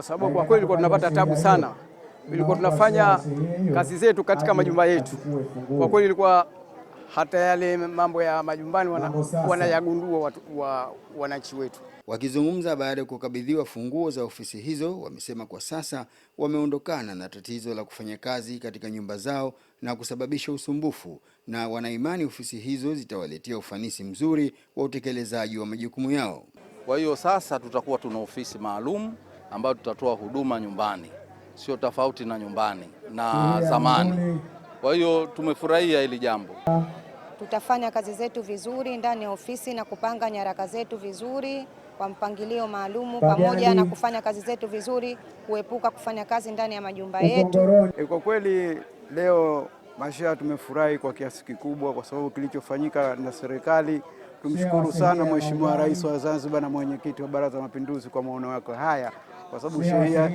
kwa sababu kwa kweli ilikuwa tunapata tabu sana. Ilikuwa tunafanya kazi zetu katika majumba yetu, kwa kweli ilikuwa hata yale mambo ya majumbani wanayagundua wana wananchi wa, wetu. Wakizungumza baada ya kukabidhiwa funguo za ofisi hizo, wamesema kwa sasa wameondokana na tatizo la kufanya kazi katika nyumba zao na kusababisha usumbufu, na wanaimani ofisi hizo zitawaletea ufanisi mzuri wa utekelezaji wa majukumu yao. Kwa hiyo sasa tutakuwa tuna ofisi maalum ambayo tutatoa huduma nyumbani, sio tofauti na nyumbani na zamani. Kwa hiyo tumefurahia hili jambo. Tutafanya kazi zetu vizuri ndani ya ofisi na kupanga nyaraka zetu vizuri kwa mpangilio maalumu, pamoja na kufanya kazi zetu vizuri, kuepuka kufanya kazi ndani ya majumba yetu. E, kwa kweli leo mashia tumefurahi kwa kiasi kikubwa kwa sababu kilichofanyika na serikali. Tumshukuru sana Mheshimiwa Rais wa Zanzibar na mwenyekiti wa Baraza la Mapinduzi kwa maono yako haya kwa sababu sheria,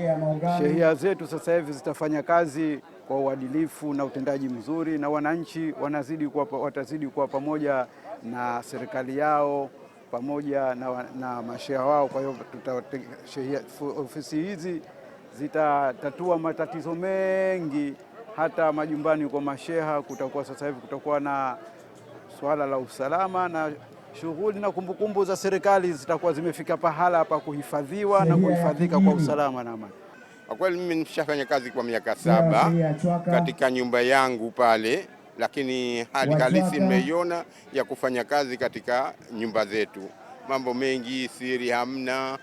sheria zetu sasa hivi zitafanya kazi kwa uadilifu na utendaji mzuri, na wananchi wanazidi kuwa, watazidi kuwa pamoja na serikali yao pamoja na, na masheha wao. Kwa hiyo ofisi hizi zitatatua matatizo mengi hata majumbani kwa masheha. Kutakuwa sasa hivi kutakuwa na swala la usalama na shughuli na kumbukumbu za serikali zitakuwa zimefika pahala hapa kuhifadhiwa na kuhifadhika kwa usalama na amani. Kwa kweli mimi nimeshafanya kazi kwa miaka saba katika nyumba yangu pale, lakini hali halisi nimeiona ya kufanya kazi katika nyumba zetu. Mambo mengi siri hamna,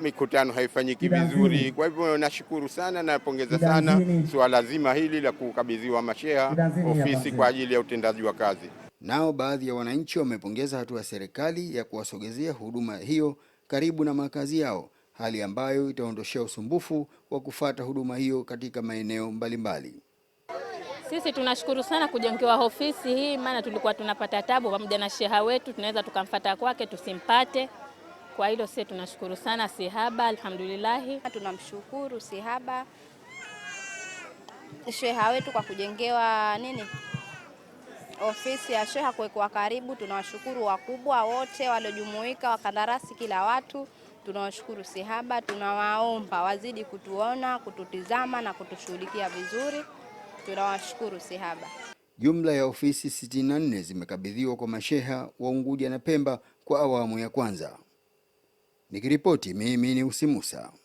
mikutano haifanyiki vizuri. Kwa hivyo nashukuru sana, napongeza sana suala zima hili la kukabidhiwa masheha ofisi kwa ajili ya utendaji wa kazi. Nao baadhi ya wananchi wamepongeza hatua ya serikali ya kuwasogezea huduma hiyo karibu na makazi yao, hali ambayo itaondoshea usumbufu wa kufata huduma hiyo katika maeneo mbalimbali. Sisi tunashukuru sana kujengewa ofisi hii, maana tulikuwa tunapata tabu. Pamoja na sheha wetu tunaweza tukamfata kwake tusimpate. Kwa hilo sisi tunashukuru sana Sihaba, alhamdulillahi. Tunamshukuru Sihaba sheha wetu kwa kujengewa nini ofisi ya Sheha kuwekwa karibu. Tunawashukuru wakubwa wote waliojumuika, wakandarasi, kila watu tunawashukuru sihaba. Tunawaomba wazidi kutuona, kututizama na kutushughulikia vizuri. Tunawashukuru sihaba. Jumla ya ofisi 64 zimekabidhiwa kwa masheha wa Unguja na Pemba kwa awamu ya kwanza. Nikiripoti mimi ni Usimusa.